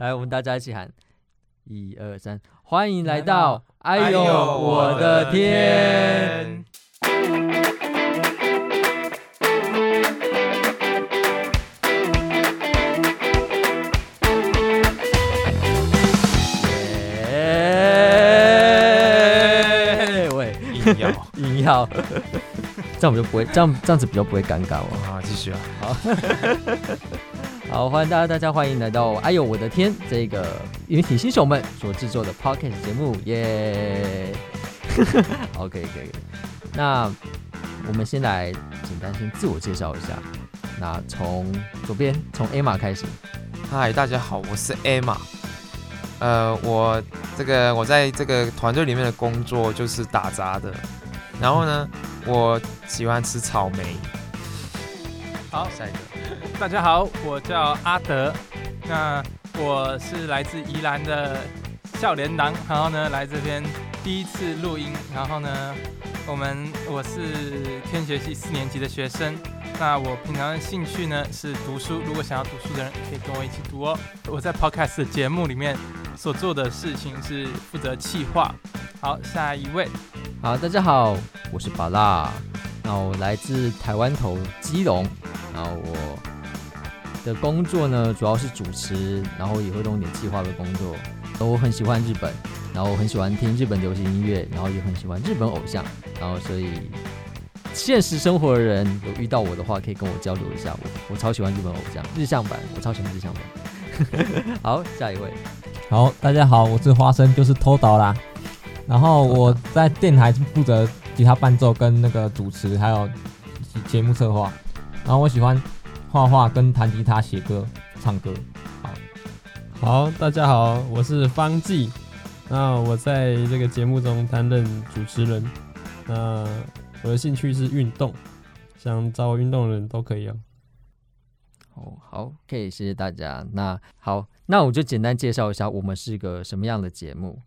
來，我們大家一起喊，一二三，歡迎來到，嗯，哎，哎呦我的天！哎，哎喂，硬要硬要， 音妖 這樣我們就不會，這樣這樣子比較不會尷尬哦，啊嗯。好，繼續啊，好。 好，歡迎大家，大家歡迎來到唉唷我的天！這個媒體新手們所製作的 podcast 節目耶。好，可以，可以。那我們先來簡單先自我介紹一下。那從左邊，從 Emma 開始。嗨，大家好，我是 Emma。呃，我這個我在這個團隊裡面的工作就是打雜的。 然後呢，我喜歡吃草莓。 好，下一個。大家好，我叫阿德，那我是來自宜蘭的少年郎，然後呢，來這邊第一次錄音，然後呢，我們我是天學系四年級的學生，那我平常的興趣呢是讀書，如果想要讀書的人可以跟我一起讀哦。我在 Podcast 節目裡面所做的事情是負責企劃。好，下一位，好，大家好，我是芭樂，那我來自台灣頭基隆。然後我。的工作呢，主要是主持，然後也會弄點計劃的工作。我很喜歡日本，然後很喜歡聽日本流行音樂，然後也很喜歡日本偶像，然後所以現實生活的人有遇到我的話，可以跟我交流一下。我我超喜歡日本偶像日向坂，我超喜歡日向坂。 好，下一位。好，大家好，我是花生，就是偷刀啦。然後我在電台負責吉他伴奏跟那個主持，還有節目策劃。然後我喜歡。畫畫、跟彈吉他、寫歌、唱歌。好，好，好，大家好，我是方濟，那我在這個節目中擔任主持人，那我的興趣是運動，想找我運動的人都可以哦。好好，可以，謝謝大家。那好，那我就簡單介紹一下我們是個什麼樣的節目。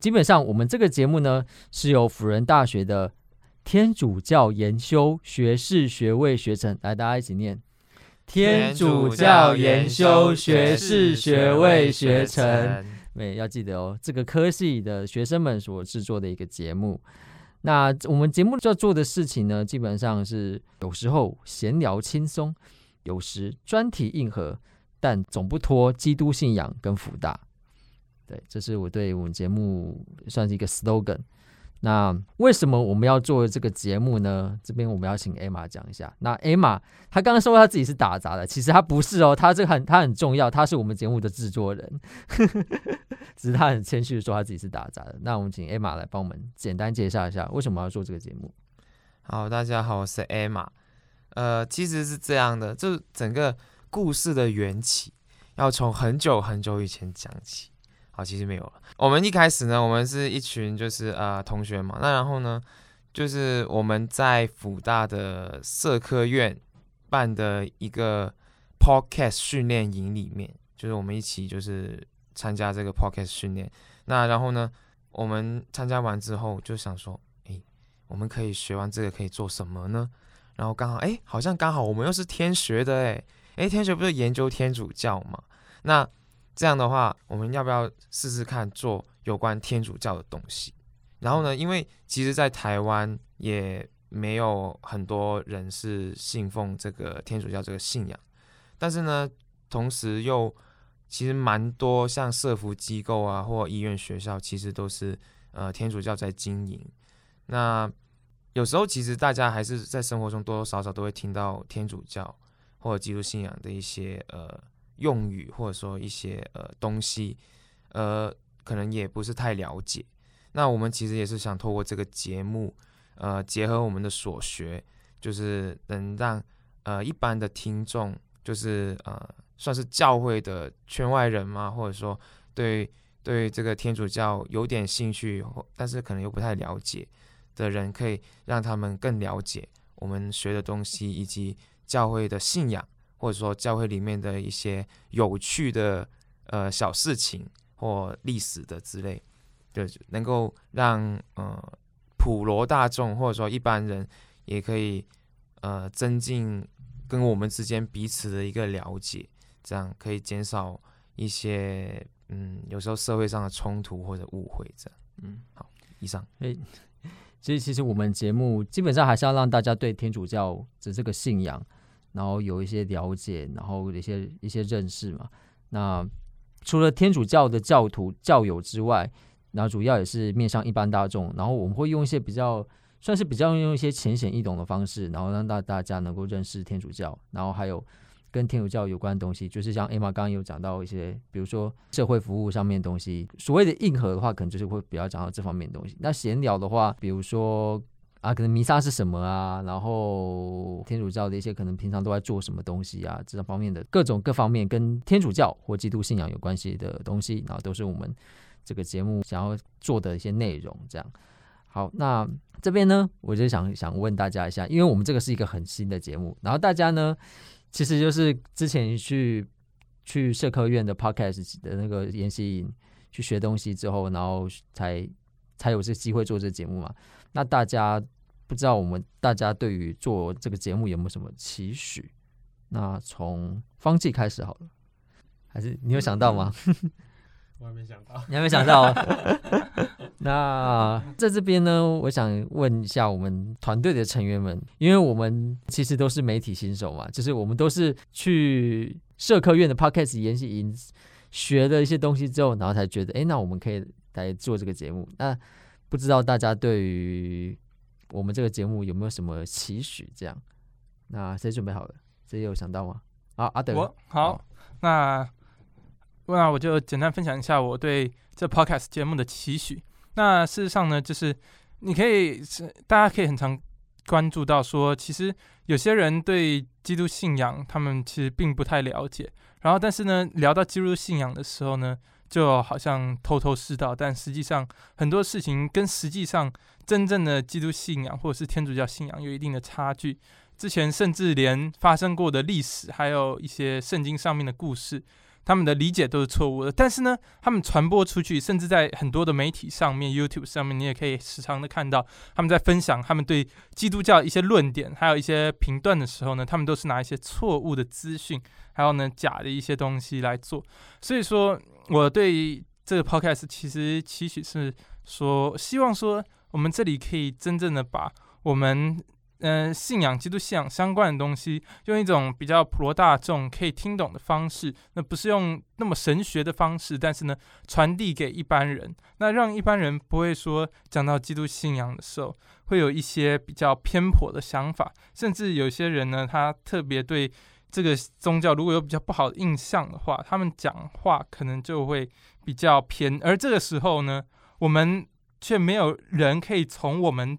基本上，我們這個節目呢是由輔仁大學的天主教研修學士學位學程來，大家一起念。天主教研修學士學位學程，對，要記得哦。這個科系的學生們所製作的一個節目。那我們節目要做的事情呢，基本上是有時候閒聊輕鬆，有時專題硬核，但總不脫基督信仰跟輔大。對，這是我對我們節目算是一個 slogan。那為什麼我們要做這個節目呢？這邊我們要請 Emma 講一下。那 Emma，她剛剛說她自己是打雜的，其實她不是哦，她這個很，她很重要，她是我們節目的制作人。 只是他很謙虛的說他自己是打雜的。那我們請 Emma 來幫我們簡單介紹一下為什麼要做這個節目。好，大家好，我是 Emma。呃，其實是這樣的，就整個故事的緣起要從很久很久以前講起。好，其實沒有了。我們一開始呢，我們是一群就是啊、呃、同學嘛。那然後呢，就是我們在輔大的社科院辦的一個 podcast 訓練營裡面，就是我們一起就是參加這個 podcast 訓練。那然後呢，我們參加完之後就想說，哎，我們可以學完這個可以做什麼呢？然後剛好，哎，好像剛好我們又是天學的誒，哎，哎，天學不是研究天主教嘛？那這樣的話，我們要不要試試看做有關天主教的東西？然後呢，因為其實，在台灣也沒有很多人是信奉這個天主教這個信仰，但是呢，同時又其實蠻多像社福機構啊或醫院、學校，其實都是呃天主教在經營。那有時候其實大家還是在生活中多多少少都會聽到天主教或者基督信仰的一些呃。用語或者說一些呃東西，呃可能也不是太了解。那我們其實也是想透過這個節目，呃結合我們的所學，就是能讓呃一般的聽眾，就是呃算是教會的圈外人嘛，或者說對對這個天主教有點興趣，但是可能又不太了解的人，可以讓他們更了解我們學的東西以及教會的信仰。或者說教會裡面的一些有趣的呃小事情或歷史的之類，對、就是，能夠讓呃普羅大眾或者說一般人也可以呃增進跟我們之間彼此的一個了解，這樣可以減少一些嗯有時候社會上的衝突或者誤會這樣。嗯，好，以上。誒，其實其實我們節目基本上還是要讓大家對天主教的這個信仰。然後有一些了解，然後一些一些認識嘛。那除了天主教的教徒、教友之外，然後主要也是面向一般大眾。然後我們會用一些比較算是比較用一些淺顯易懂的方式，然後讓大大家能夠認識天主教，然後還有跟天主教有關的東西，就是像 Emma 剛剛有講到一些，比如說社會服務上面的東西。所謂的硬核的話，可能就是會比較講到這方面的東西。那閒聊的話，比如說。啊，可能彌撒是什麼啊？然後天主教的一些可能平常都在做什麼東西啊？這種方面的各種各方面跟天主教或基督信仰有關係的東西，然後都是我們這個節目想要做的一些內容。這樣好。那這邊呢，我就想想問大家一下，因為我們這個是一個很新的節目，然後大家呢，其實就是之前去去社科院的 Podcast 的那個研習營去學東西之後，然後才才有這機會做這節目嘛。那大家不知道我們大家對於做這個節目有沒有什麼期許？那從方濟開始好了，還是你有想到嗎？ 我還沒想到， 你還沒想到？ 那在這邊呢，我想問一下我們團隊的成員們，因為我們其實都是媒體新手嘛，就是我們都是去社科院的 Podcast 研習營學了一些東西之後，然後才覺得，哎，那我們可以來做這個節目。那不知道大家對於我們這個節目有沒有什麼期許？這樣，那誰準備好了？誰有想到嗎？啊，阿、啊、德，好，哦、那那我就簡單分享一下我對這 podcast 節目的期許。那事實上呢，就是你可以是大家可以很常關注到說，說其實有些人對基督信仰他們其實並不太了解，然後但是呢，聊到基督信仰的時候呢。就好像頭頭是道，但實際上很多事情跟實際上真正的基督信仰或者是天主教信仰有一定的差距。之前甚至連發生過的歷史，還有一些聖經上面的故事。他們的理解都是錯誤的，但是呢，他們傳播出去，甚至在很多的媒體上面，YouTube 上面，你也可以時常的看到他們在分享他們對基督教一些論點，還有一些評斷的時候呢，他們都是拿一些錯誤的資訊，還有呢，假的一些東西來做。所以說，我對這個 Podcast 其實期許是說，希望說我們這裡可以真正的把我們。嗯、呃，信仰基督信仰相關的東西，用一種比較普羅大眾可以聽懂的方式，那不是用那麼神學的方式，但是呢，傳遞給一般人，那讓一般人不會說講到基督信仰的時候，會有一些比較偏頗的想法，甚至有些人呢，他特別對這個宗教如果有比較不好的印象的話，他們講話可能就會比較偏，而這個時候呢，我們卻沒有人可以從我們。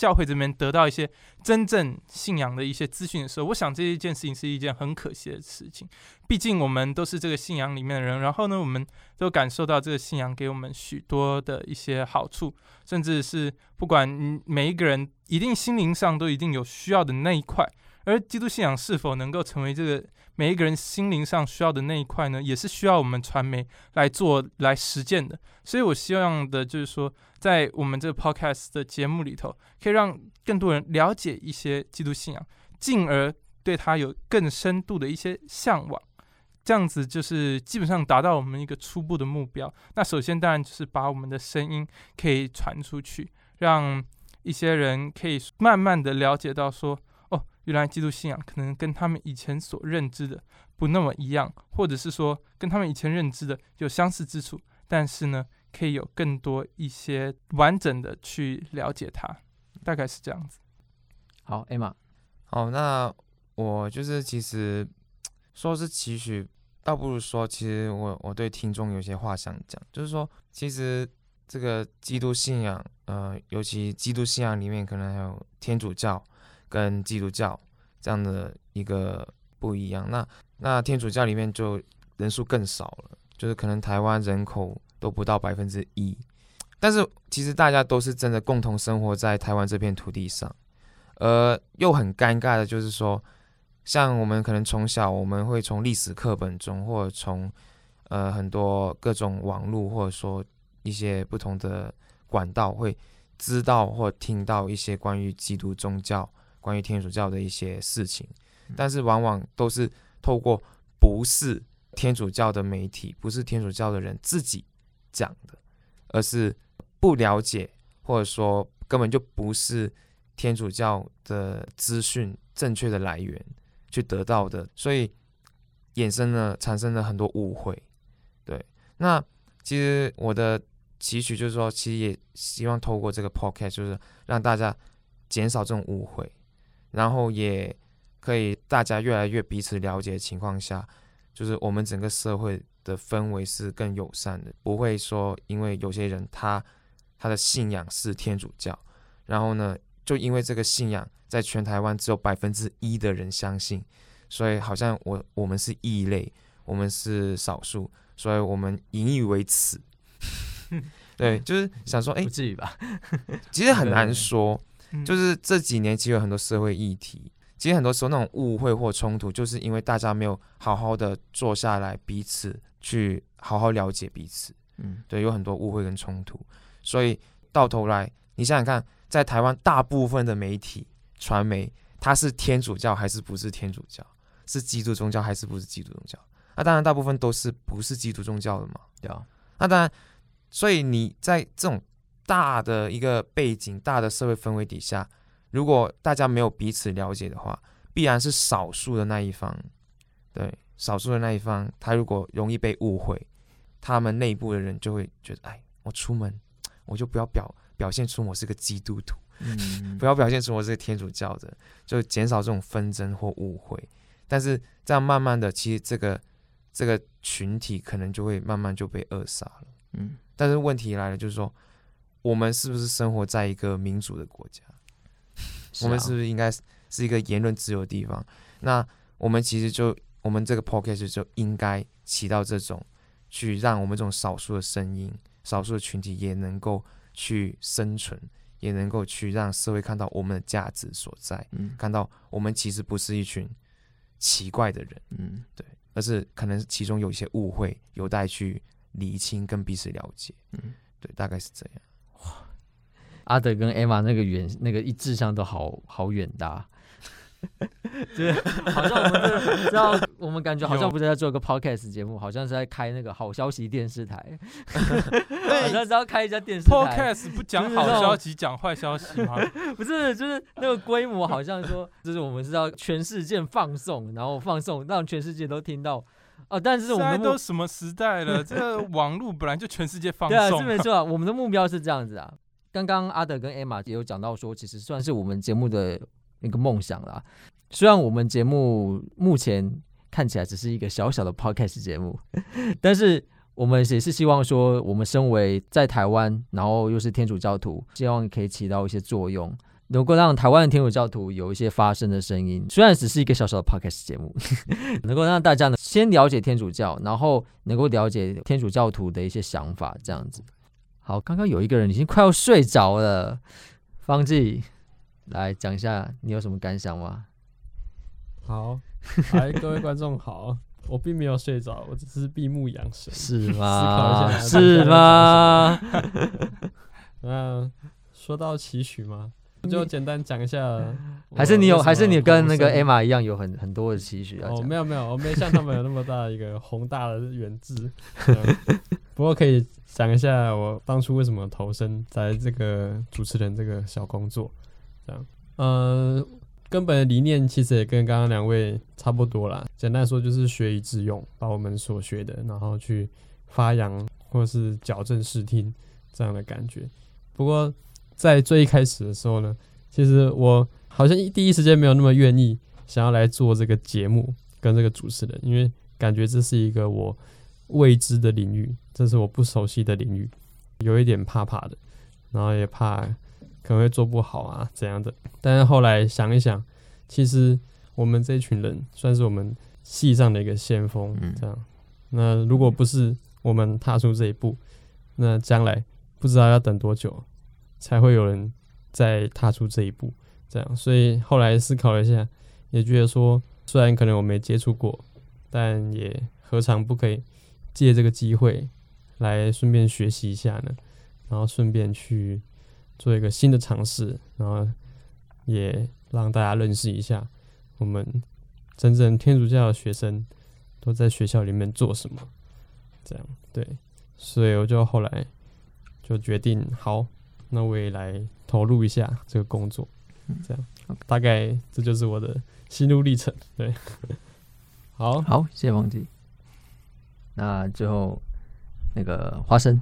教會這邊得到一些真正信仰的一些資訊的時候，我想這一件事情是一件很可惜的事情。畢竟我們都是這個信仰裡面的人，然後呢，我們都感受到這個信仰給我們許多的一些好處，甚至是不管每一個人一定心靈上都一定有需要的那一塊。而基督信仰是否能夠成為這個每一個人心靈上需要的那一塊呢？也是需要我們傳媒來做來實踐的。所以我希望的就是說，在我們這個 podcast 的節目裡頭，可以讓更多人了解一些基督信仰，進而對他有更深度的一些向往。這樣子就是基本上達到我們一個初步的目標。那首先當然就是把我們的聲音可以傳出去，讓一些人可以慢慢的了解到說，哦，原來基督信仰可能跟他們以前所認知的不那麼一樣，或者是說跟他們以前認知的有相似之處，但是呢，可以有更多一些完整的去了解它，大概是這樣子。好，Emma，好，那我就是其實說是期許，倒不如說其實我我對聽眾有些話想講，就是說其實這個基督信仰，呃，尤其基督信仰裡面可能還有天主教跟基督教這樣的一個不一樣，那那天主教裡面就人數更少了，就是可能台灣人口，都不到百分之一，但是其實大家都是真的共同生活在台灣這片土地上，而、呃、又很尷尬的就是說，像我們可能從小我們會從歷史課本中，或者從呃很多各種網絡，或者說一些不同的管道會知道或聽到一些關於基督宗教、關於天主教的一些事情，但是往往都是透過不是天主教的媒體，不是天主教的人自己。講的，而是不了解，或者說根本就不是天主教的資訊正確的來源去得到的，所以衍生了，產生了很多誤會。對，那其實我的期許就是說，其實也希望透過這個 podcast 就是讓大家減少這種誤會，然後也可以大家越來越彼此了解的情況下，就是我們整個社會。的氛圍是更友善的，不會說因為有些人他他的信仰是天主教，然後呢，就因為這個信仰在全台灣只有百分之一的人相信，所以好像我我們是異類，我們是少數，所以我們引以為恥。 對，就是想說，哎，不至於吧？ 其實很難說，就是這幾年其實有很多社會議題、 嗯，其實很多時候那種誤會或衝突，就是因為大家沒有好好的坐下來彼此。去好好了解彼此，嗯，對，有很多誤會跟衝突，所以到頭來，你想想看，在台灣大部分的媒體傳媒，它是天主教還是不是天主教？是基督宗教還是不是基督宗教？那當然，大部分都是不是基督宗教的嘛，對啊，那當然，所以你在這種大的一個背景、大的社會氛圍底下，如果大家沒有彼此了解的話，必然是少數的那一方，對。少數的那一方，他如果容易被誤會，他們內部的人就會覺得：哎，我出門我就不要表表現出我是個基督徒，嗯、 不要表現出我是個天主教的，就減少這種紛爭或誤會。但是這樣慢慢的，其實這個這個群體可能就會慢慢就被扼殺了。嗯，但是問題來了，就是說我們是不是生活在一個民主的國家，啊？我們是不是應該是一個言論自由的地方？那我們其實就。我們這個 podcast 就應該起到這種，去讓我們這種少數的聲音、少數的群體也能夠去生存，也能夠去讓社會看到我們的價值所在，嗯、看到我們其實不是一群奇怪的人，嗯，對，而是可能其中有一些誤會有待去釐清跟彼此了解，嗯，對，大概是這樣。哇，阿德跟 Emma 那個遠，那個一智商都好好遠的。 對，好像我們 知道，我們感覺好像不是在做一個 podcast 節目，好像是在開那個好消息電視台。 對， 好像是要開一家電視台，podcast 不講好消息，講壞消息嗎？ 不是，就是那個規模，好像說， 就是我們是要全世界放送，然後放送，讓全世界都聽到。啊，但是我們現在都什麼時代了， 這個網絡本來就全世界放送。對，是沒錯啊。我們的目標是這樣子啊。剛剛阿德跟 Emma 也有講到說，其實算是我們節目的。那個夢想啦，雖然我們節目目前看起來只是一個小小的 podcast 節目，但是我們也是希望說，我們身為在台灣，然後又是天主教徒，希望可以起到一些作用，能夠讓台灣的天主教徒有一些發聲的聲音。雖然只是一個小小的 podcast 節目，呵呵能夠讓大家呢先了解天主教，然後能夠了解天主教徒的一些想法。這樣子，好，剛剛有一個人已經快要睡着了，方濟。來講一下，你有什麼感想嗎？好， 來各位觀眾好，我並沒有睡着，我只是閉目養神。是嗎？思考一下，是嗎？ 嗯，說到期許嗎？ 就簡單講一下。還是你有，還是你跟那個 Emma 一樣，有很 很多的期許啊？哦，沒有沒有，我沒像他們有那麼大一個宏大的遠志， 嗯。不過可以講一下，我當初為什麼投身在這個主持人這個小工作。呃、嗯，根本的理念其實也跟剛剛兩位差不多啦。簡單說就是學以致用，把我們所學的，然後去發揚或是矯正視聽這樣的感覺。不過在最一開始的時候呢，其實我好像第一時間沒有那麼願意想要來做這個節目跟這個主持人，因為感覺這是一個我未知的領域，這是我不熟悉的領域，有一點怕怕的，然後也怕。可能會做不好啊，怎樣的？但是後來想一想，其實我們這群人算是我們系上的一個先鋒、嗯，這樣。那如果不是我們踏出這一步，那將來不知道要等多久才會有人再踏出這一步，這樣。所以後來思考了一下，也覺得說，雖然可能我沒接觸過，但也何嘗不可以借這個機會來順便學習一下呢？然後順便去。做一個新的嘗試，然後也讓大家認識一下我們真正天主教的學生都在學校裡面做什麼。這樣對，所以我就後來就決定，好，那我也來投入一下這個工作。嗯、這樣、okay. 大概這就是我的心路歷程。對， 好好，謝謝方濟。那最後那個花生。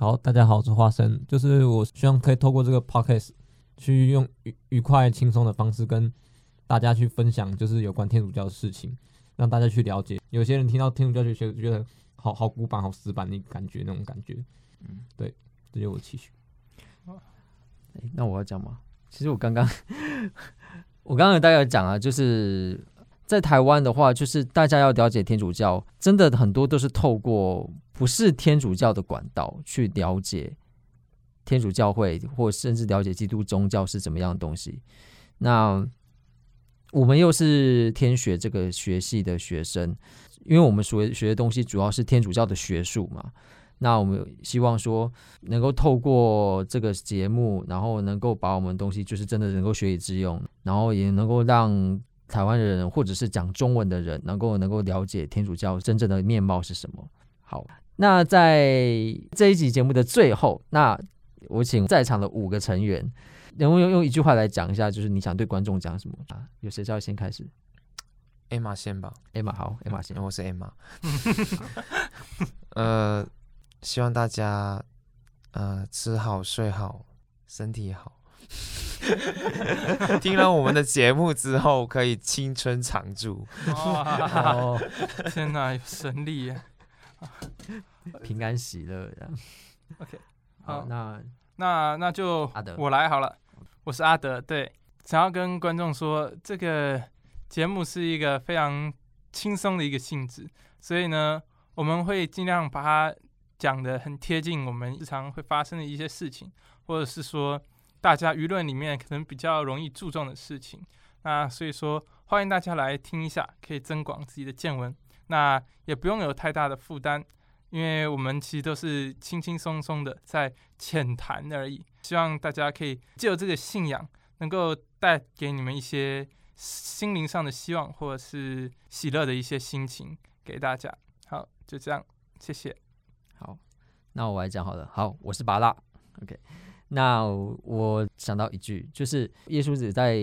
好，大家好，我是花生。就是我希望可以透過這個 podcast 去用愉快愉快、輕鬆的方式跟大家去分享，就是有關天主教的事情，讓大家去了解。有些人聽到天主教就覺得好好古板、好死板，那感覺，那種感覺，嗯，對，這就是我的期許。欸，那我要講嗎？其實我剛剛 我剛剛大概講了，就是。在台灣的話，就是大家要了解天主教，真的很多都是透過不是天主教的管道去了解天主教會，或甚至了解基督宗教是怎麼樣的東西。那我們又是天學這個學系的學生，因為我們所學的東西主要是天主教的學術嘛。那我們希望說，能夠透過這個節目，然後能夠把我們東西，就是真的能夠學以致用，然後也能夠讓。台灣人或者是講中文的人，能夠能夠了解天主教真正的面貌是什麼。好，那在這一集節目的最後，那我請在場的五個成員，能不能用一句話來講一下，就是你想對觀眾講什麼啊？有誰要先開始？Emma 先吧。Emma 好，嗯、Emma 先、嗯。我是 Emma。 呃，希望大家呃吃好睡好，身體好。 聽了我們的節目之後，可以青春常駐 哦。天哪，有神力！ 平安喜樂這樣。OK，好，那那那就我來好了。我是阿德，對，想要跟觀眾說，這個節目是一個非常輕鬆的一個性質，所以呢，我們會儘量把它講得很貼近我們日常會發生的一些事情，或者是說。大家輿論裡面可能比較容易注重的事情，那所以說歡迎大家來聽一下，可以增廣自己的見聞。那也不用有太大的負擔，因為我們其實都是輕輕松松的在淺談而已。希望大家可以借由這個信仰，能夠帶給你們一些心靈上的希望，或者是喜樂的一些心情給大家。好，就這樣，謝謝。好，那我來講好了。好，我是芭樂。OK。那我想到一句，就是耶穌子在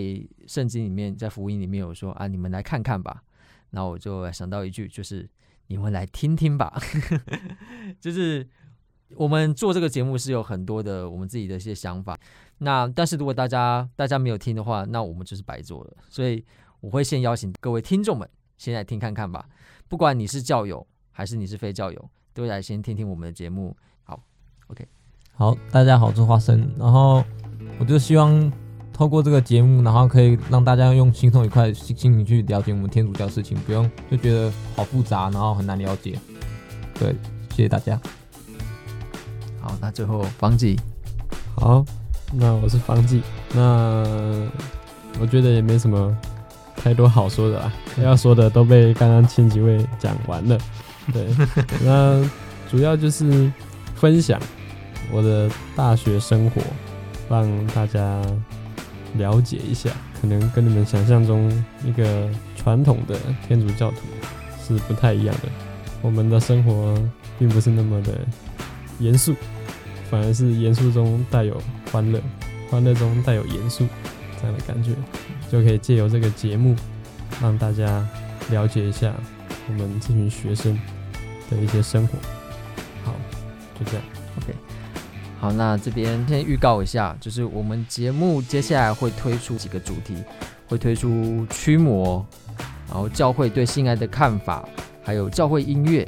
聖經裡面，在福音裡面有說啊，你們來看看吧。那我就想到一句，就是你們來聽聽吧。 就是我們做這個節目是有很多的我們自己的一些想法。那但是如果大家大家沒有聽的話，那我們就是白做了。所以我會先邀請各位聽眾們先來聽看看吧。不管你是教友還是你是非教友，都來先聽聽我們的節目。好，OK。好，大家好，我是花生。然後我就希望透過這個節目，然後可以讓大家用輕鬆愉快的心情去了解我們天主教事情，不用就覺得好複雜，然後很難了解。對，謝謝大家。好，那最後方濟。好，那我是方濟。那我覺得也沒什麼太多好說的啦，要說的都被剛剛前幾位講完了。對，那主要就是分享。我的大學生活，讓大家了解一下，可能跟你們想象中一個傳統的天主教徒是不太一樣的。我們的生活並不是那麼的嚴肅，反而是嚴肅中帶有歡樂，歡樂中帶有嚴肅這樣的感覺，就可以借由這個節目讓大家了解一下我們這群學生的一些生活。好，就這樣。OK。好，那這邊先預告一下，就是我們節目接下來會推出幾個主題，會推出驅魔，然後教會對性愛的看法，還有教會音樂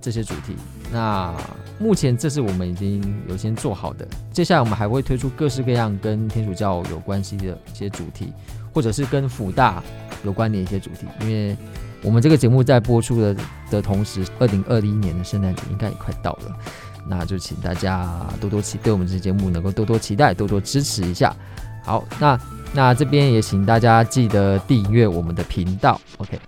這些主題。那目前這是我們已經有先做好的，接下來我們還會推出各式各樣跟天主教有關係的一些主題，或者是跟輔大有關的一些主題。因為我們這個節目在播出的的同時，二零二一年的聖誕節應該也快到了。那就請大家多多期待我們這期節目能夠多多期待，多多支持一下。好，那那這邊也請大家記得訂閱我們的頻道，OK，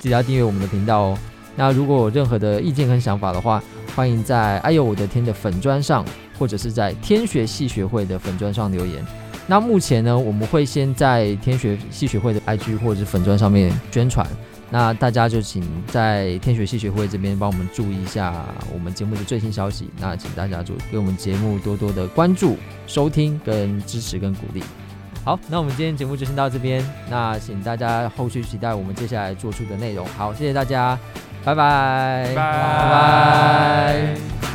記得要訂閱我們的頻道哦。那如果有任何的意見跟想法的話，歡迎在唉唷我的天的粉專上，或者是在天學系學會的粉專上留言。那目前呢，我們會先在天學系學會的 IG 或者粉專上面宣傳。那大家就請在天學系學會這邊幫我們注意一下我們節目的最新消息。那請大家注給我們節目多多的關注、收聽、跟支持跟鼓勵。好，那我們今天節目就先到這邊。那請大家後續期待我們接下來做出的內容。好，謝謝大家，拜拜，拜拜。